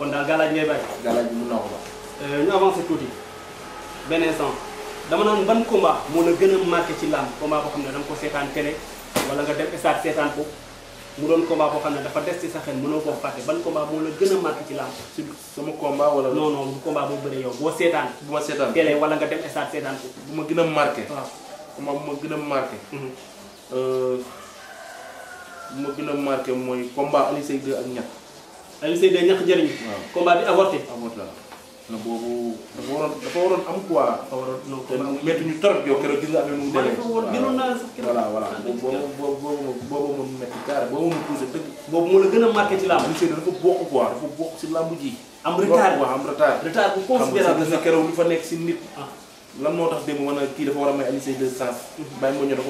kon daal galaaj ngay bàyyi. galaaj bi mun naa ko euh, baax. ñu avancé tuuti benn instant dama naan ban combat moo la gën a marqué ci làmb combat boo xam ne da nga ko wala nga dem stade seetaan ko mu doon combat boo xam ne dafa des ci sa xel mënoo koo fàtte ban combat moo la gën a marqué ci làmb. surtout sama combat wala. non non bu combat boo bëree boo seetaan. bu ma seetaan télé wala nga dem stade seetaan ko. bu ma gën a marqué. waaw combat bu ma gën a marqué. Mhm. Euh, bu ma gën a marqué mooy combat Alioune Seye 2 ak ñett. Alioune Seye day ñàkk waaw combat bi avorté. avorté waaw dafa waroon am quoi. dafa waroon non te métti ñu trop yow keroog gis nga affaire nu mu demee. waaw ah, boobu boobu boobu boobu moom métti carré la gën a marqué ci làmb. Alioune Seye dafa bokk quoi dafa bokk si làmb bu fa nekk si nit. Ah. lan moo tax démb ma ne mhm. mhm. sa war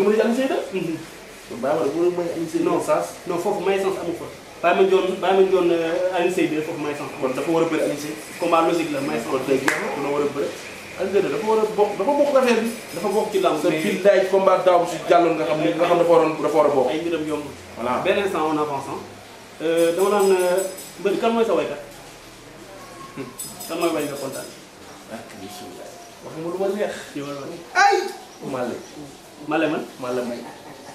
nga de Baye Mandione bu doon may Alioune Seye non non foofu may sens amu fa. Baye Mandione Baye Mandione euh, Alioune Seye de foofu may sens kon dafa war a bëri Alioune Seye combat logique war a bëri Alioune dafa war a bokk dafa bokk affaire bi dafa bokk ci lamb mais fii daay combat daaw si jàlloon nga xam ne nga xam dafa waroon dafa war a bokk ay mbiram yomb voilà benn instant on avance euh, dama naan euh, mbëri kan mooy sa waykat kan mooy way nga kontaan wax nga lu ma neex ay Malé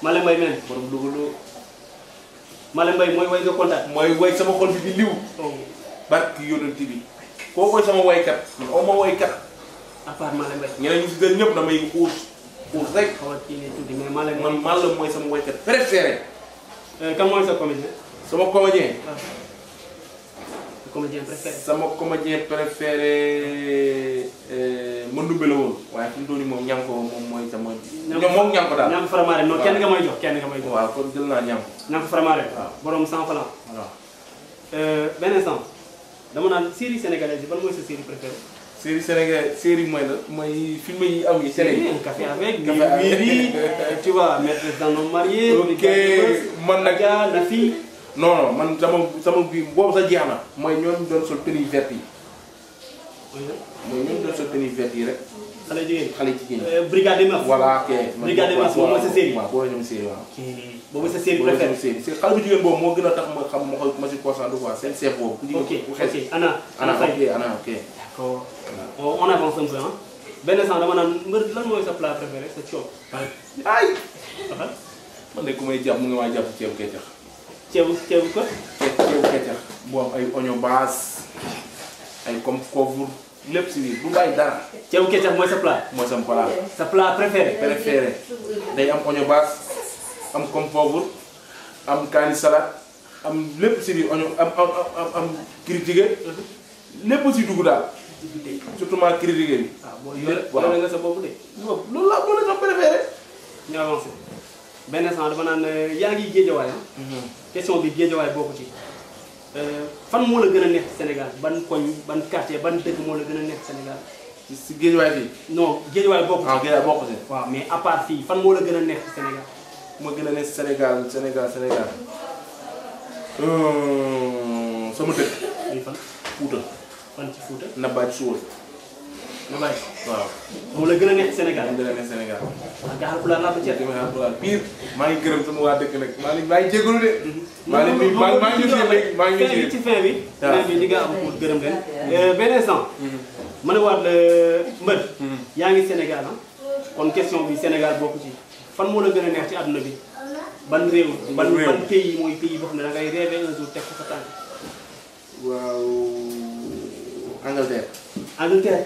Malé Mbaye men borom Louga Malé Mbaye mooy way nga kontaan. mooy way sama xol bi di liw. Oh. barki yonent bi koo koy sama waykat. aw ma waykat. à part Malé Mbaye. ñeneen ñu si gën ñëpp damay uus. uus rek xaw a kii lay tuuti mais Malé man Malé mooy sama waykat préféré. Euh, kan mooy sa comédien. sama comédien. Ah. comédien préféré. sama comédien préféré euh, euh, Mandoumbé la woon waaye fi mu doon moom Ñanko moom mooy sama. Ñanko moom Ñanko daal Ñanko Faramareen non kenn nga may jox kenn nga may jox. waaw kon jël naa Ñanko. Ñanko Faramareen. waaw borom 100 francs. waaw. Euh, benn instant dama naan série sénégalaise mooy sa série préférée. série sénégalais série mooy la mooy film yi am yi série yi. café avec café avec Mimi tu vois maîtresse d'un man nag la fille. no non man sama sama bi boobu sa jeex na mooy ñooñu doon sol tenue verte yi. mooy ñooñu doon sol tenue verte yi rek. xale jigéen xale jigéen ñi. Euh, brigade Mars. voilà ok brigade Mars moom mooy sa série. waaw boobu ñoom jigéen boobu moo gën tax ma xam ma ko ma si concentré quoi seen sa plat préféré sa coow. ay man de ku may jàpp mu ngi maa jàpp ceeb kecax. ceebu ceebu ko. ceebu bu am ay oignon base ay comme couvre lépp si biir bu bàyyi dara. ceebu kecax mooy sa plat. mooy sa plat. sa plat préféré. préféré day am oignon base am comme couvre am kaani salade am lépp si biir oignon am am am am dugg daal. surtout maa critique bi. Ah, waaw booy yore yore nga sa bopp loolu la benn sant dama naan yaa ngi géejawaay ah. question bi géejawaay bokku ci. fan moo la gën a neex Sénégal ban koñ ban quartier ban dëkk moo la gën a neex Sénégal. si géejawaay fii. non géejawaay bokku ci. ah géejawaay bokku ci. waaw mais à part fii fan moo la gën a neex Sénégal. moo gën a neex Sénégal Sénégal Sénégal. sama dëkk. fan Fuuta. fan ci Fuuta. Nabaaj Suwal. lu bari. waaw moom la gën a nekk Sénégal. moom la gën a nekk Sénégal. waaw te alpulaar laa ko ceeb. dama alpulaar pire. maa ngi gërëm sama waa dëkk nag maa ngi maa ngi jégalu de. Mhm. maa ngi maa ngi maa ngi ñu maa ngi ñu ci fin bi. waaw fin bi li nga am pour gërëm leen. Mhm. Euh, benn instant. ma mhm. ne waat Mbër. yaa ngi Sénégal ah. kon question bi Sénégal bokku ci fan moo la gën a neex ci àdduna bi ban réew. ban réew ban pays mooy pays boo xam ne da ngay rêver un jour teg ko fa tànk. waaw Angleterre. Angleterre.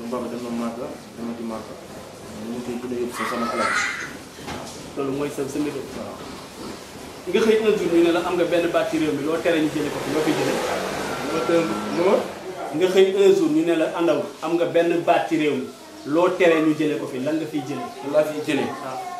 sama papa dem na Màkka dama di Màkka ñu loolu mooy sa sa météo. nga xëy un jour ñu ne la am nga benn baat ci réew mi loo tere ñu jëlee ko fi loo fi jëlee. nga xëy un ñu ne la àndaw am nga benn réew mi loo tere ñu jëlee ko fi lan nga fiy jëlee. lan jëlee waaw.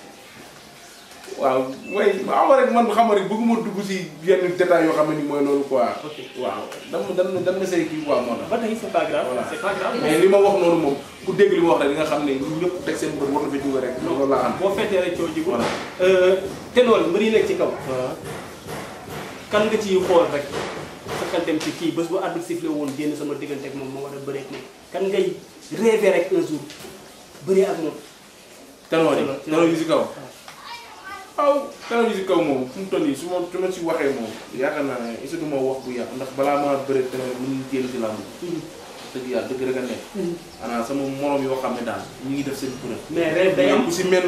waaw mooy ama rek man xam rek bëgguma dugg si yenn détails yoo xam ne ni mooy loolu quoi. waaw dan dan dan na say kii quoi moo tax. ba tey c'est pas grave c'est pas grave. mais li ma wax noonu moom ku dégg li ma wax rek di nga xam ne ñun ñëpp teg seen bët war na fa jóge rek. loolu la am boo fekkee rek coow ji ko. te loolu mbir yi nekk ci kaw. kan nga ciy xool rek. sa xel dem ci kii bés bu àddul sifflé woon génn sama diggante ak moom moo war a bëreeg ne kan ngay rêver rek un jour bëree ak moom. te loolu te loolu yu si kaw. aw kanam yi kaw moom fu mu toll nii su ma su ma si waxee moom yaakaar naa ne est-ce que wax bu yàqu ndax balaa maa bëre te mën ñu jël si làmb hmm. dëgg yàlla dëgg rek a nekk. Hmm. xanaa sama morom yoo xam ne daan ñu ngi def seen kuréel. mais day am ku si mel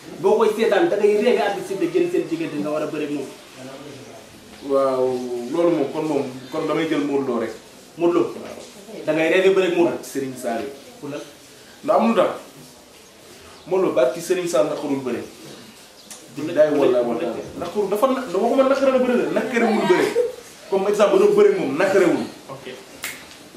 boo koy seetaan da ngay réer nga ànd si génn seen diggante nga war a bari moom. waaw loolu moom kon moom kon damay jël Modou Lo rek. Modou Lo da ngay réer nga bëri Modou. Serigne Sall. ku la ndax amul tax Modou Lo baat ci Serigne Sall naqarul bëri. dinañ daay wala dafa na waxuma naqare la bëri la naqarewul bëri comme exemple ba bari bëri moom naqarewul.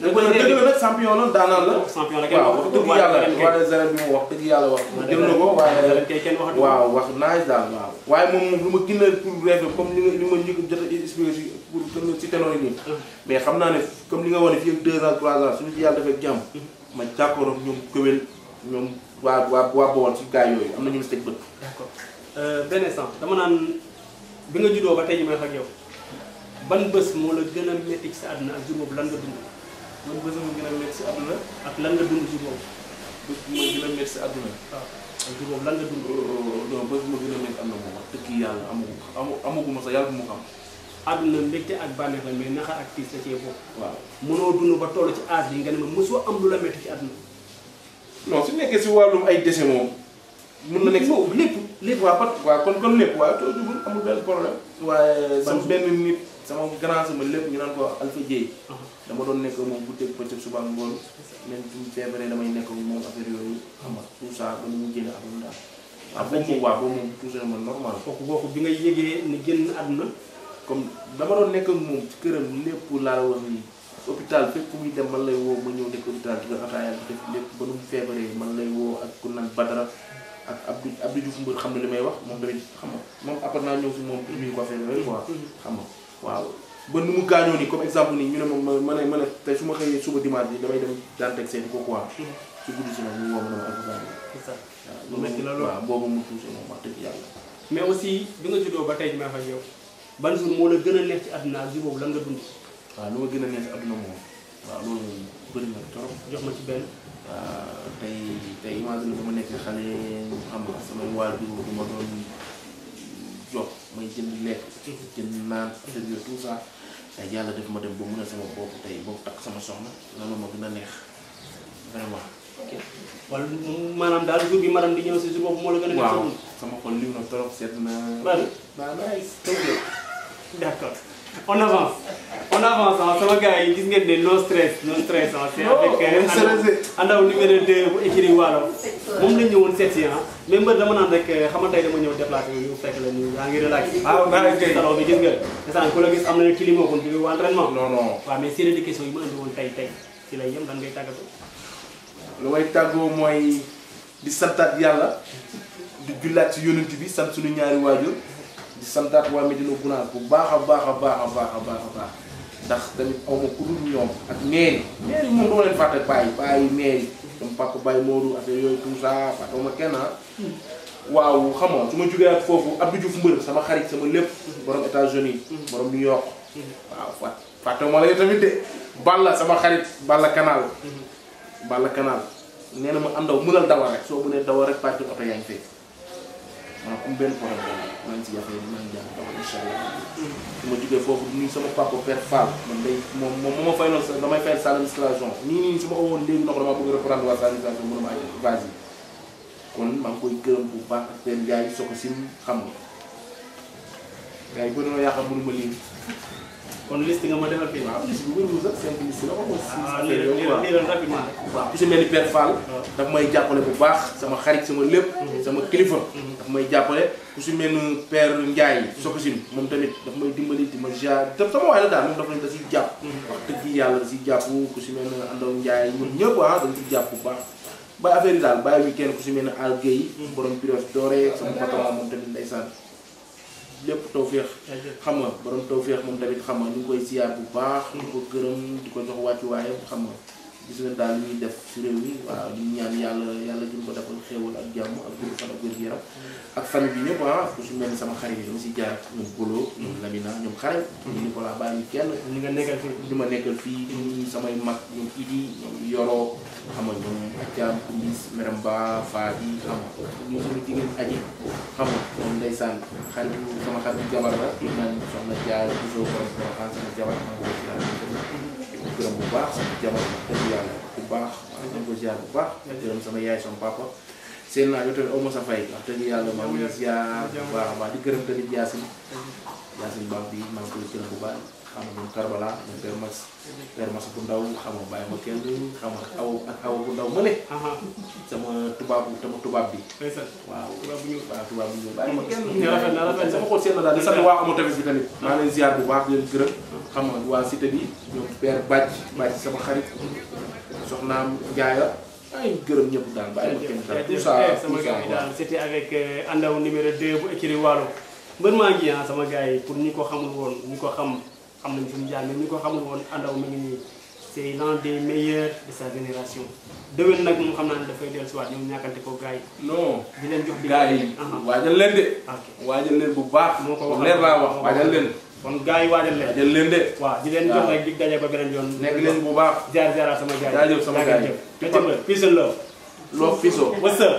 dëgg la dëgg la nag champion la la. champion wax dëgg yàlla waaye Zerem bi mu wax dëgg yàlla wax. jël na ko waaye waaw wax naaj daal waaw. waaye moom lu ma gën a pour rêve comme li ma li ma njëkk jot si pour mais xam naa ne comme li nga wax ne fii ak 2 ans 3 ans suñu ci yàlla defee jàmm. ma jàkkoor ak ñoom Kewel ñoom waa waa waa Bawol si gars yooyu am na ñu ngi si teg bët. d'accord euh, benn sens dama naan bi nga juddoo ba tey ñu may wax ak ban bés moo la gën a métti ci sa ak jour lan nga dund man bés bu gën a métti si àdduna ak lan nga dund si boobu. bés gën a métti si àdduna. waaw ak si boobu lan nga dund. Oh, non bés bu ma a na moom ak bànneex la mais naxar ak tiis la cee dund ba toll ci aas yi nga ne ma mosoo am lu la métti ci àdduna. non su nekkee si wàllum ay décès moom. mën na nekk si lépp lépp waa pat. waaw kon kon lépp waaw toujours amul benn problème. waaye sama benn nit. sama grand sama lépp ñu naan ko Alpha Dieye uh-huh. dama doon nekk moom guddeeg bëccëg suba ngoon même suñu feebaree damay nekk moom affaire yooyu xam uh-huh. nga tout ça ba ñu génn àdduna daal waaw boobu waaw boobu moom toujours man normal kooku kooku bi nga yëgee ni génn àdduna comme dama doon nekk moom ci këram laa la wax nii hôpital fépp fu muy dem man lay woo ma ñëw nekk hôpital ko lépp ba nu mu feebaree man lay woo ak ku naan Badara ak Abdou Abdou Diouf Mbër xam ne li may wax moom tamit xam nga moom après naa ñëw si moom pour ko affaire yooyu quoi mm-hmm. xam nga waaw ba nu mu gaañoo nii comme exemple nii ñu ne ma ma ma ne tey su ma xëyee suba dimanche bi damay dem daan teg seeti ko quoi. Mm. su guddi si nag ñu woo ma dama mu métti wax dëgg yàlla. mais aussi bi nga juddoo ba tey jii may wax yow ban jour moo la gën a neex ci àdduna bi boobu lan nga dund. waa lu ma gën a neex ci àdduna moom waaw loolu bëri na trop jox ma ci benn. waaw tey tey imagine dama nekk xale xam nga sama wàll bi ma doon jox. may jënd lekk jënd naan affaire yooyu tout ça tey yàlla def ma dem ba mun a sama bopp tey ba takk sama soxna loolu ma gën a neex vraiment. ok wala maanaam daal jour bi maanaam di ñëw si jour boobu moo la gën a. sama xol liw na trop seet na. bari baa baa ay d'accord on avance. en avançant sama gars yi gis ngeen ne no stress no stress ah. c'est avec andaw numéro 2 bu écrit Waalo moom la ñu ñëwoon seet si ah. mais mbër dama naan rek xam nga tey dama ñëw déplacé wu ñu fekk la ñu yaa ngi relax. waaw maa ngi salon bi gis nga. instant ku la gis am na climat kon du entraînement. non non waaw mais série de questions yi ma andi woon tey tey si lay yem lan ngay tàggatoo. lu may tàggoo mooy di santaat yàlla di jullaat si yonent bi sant suñu ñaari waajur di santaat waa Medina Gounass bu baax a baax a baax a baax a baax a baax ndax tamit aw ma ku dul ñoom ak mairie mairie moom doo leen fàtte bàyyi bàyyi mairie sama papa bàyyi Modou affaire yooyu tout ça ma kenn ah. hmm. waaw xam nga su ma jógee ak foofu Abdou Diouf mbër sama xarit sama lépp hmm. borom États-Unis hmm. borom New York waaw fat fàttewu ma la tamit de sama xarit Balla Canal Balla Canal nee na ma am ndaw mënal dawal soo mënee dawal rek pàcc oto yaa benn problème man si jafe man jàpp Mwen di gen bon, fok ni sou mwen pa kon fèr fàm. Mwen mwen fèr salanis la jant. Ni ni si mwen ou mwen deni, non mwen mwen pou mwen repran do a salanis la jant. Mwen mwen mwen aje. Vazi. Kon mwen mwen kouye kèm pou vat ak ten gya yi sou kousin khamon. Gya yi kouye yi ak moun mouni. kon liste nga ma defal fii. waaw ah, liste bi wërëm sax seen liste la ko mos. ah lii ku si mel ni Père Fall. Ah. daf may jàppale bu baax sama xarit sama lépp. Mhm. sama kilifa. Mhm. daf may jàppale ku si mel ni Père Ndiaye. Sokosine moom tamit daf may dimbali di ma jaar te sama waay la daal moom dafa da siy jàpp. Mhm. wax dëgg yàlla da siy ku si mel ni Andaw Ndiaye ñun ñëpp ah dañ siy jàpp bu baax. ba affaire yi daal bàyyi wi ku si mel ne Al Gueye. borom Piroos sama patron moom tamit ndeysaan lépp tawféex xam nga borom tawféex moom tamit xam nga ñu ngi koy siyaar bu baax di ko gërëm di ko jox wàccuwaayam xam nga gis nga daal ñuy def ci réew yi waaw ñu ñaan yàlla yàlla jëm ko defal xéewal ak jàmm ak gudd fan ak wér-gu-yaram mm. ak fan bi ñëpp ah ku si mel ni sama xarit yi dama si jaar ñoom Golo ñoom mm. Lamina ñoom xarit ñu mm. ni ko laa bàyyi kenn ñi nga nekkal fii di ma nekkal fii ñi samay mag ñoom Idi ñoom Yoro xam nga ñoom jaam Miss Merem Ba Fadi xam nga ñu suñu jigéen aji xam nga moom ndeysaan xarit sama xarit jabar la yëg naa ne soxna bu baax sama jabar dëgg bu baax maa ngi bu baax sama yaay sama papa seen naa yow tamit aw sa fay wax dëgg yàlla maa ngi ziar baax a baax di gërëm tamit Yacine Yacine Ba bi koy gërëm bu baax xam na moom Karbala ñoom Père Max Père Max bu ndaw xam nga bàyyi ma kenn xam nga aw bu ndaw mëne uh-huh. sama tubaab sama tubaab bi waaw tubaab bu ñuul waaw tubaab bu ñuul ma kenn rafet na rafet sama xool seen na daal di sant waa Amatofis bi tamit maa leen ziar bu baax leen gërëm uh-huh. xam nga waa cité bi ñoom Père Bàcc Bàcc sama xarit soxnaam Njaaya ay gërëm ñëpp daal bàyyi ma kenn daal tout ça eh, euh, ah, sama gars yi sama gars pour ñi ko xamul woon ñi ko xam xam nañ fi mu jaar même ñi ko xamul woon andaw mi ngi nii c'est l'un des meilleurs de sa génération déwén nag moom xam naa ne dafay dellusiwaat ñoom ñàkkante ko gars yi. non di leen jox gars yi waajal leen de. ok waajal leen bu baax. moo ko wax leer laa wax waajal leen. kon gars yi waajal leen waajal leen de. waaw di leen jox rek dig daje ba beneen yoon. nekk leen bu baax jaar jaaraat sama gars yi. jaajëf sama gars yi jaajëf. peace and love. love peace.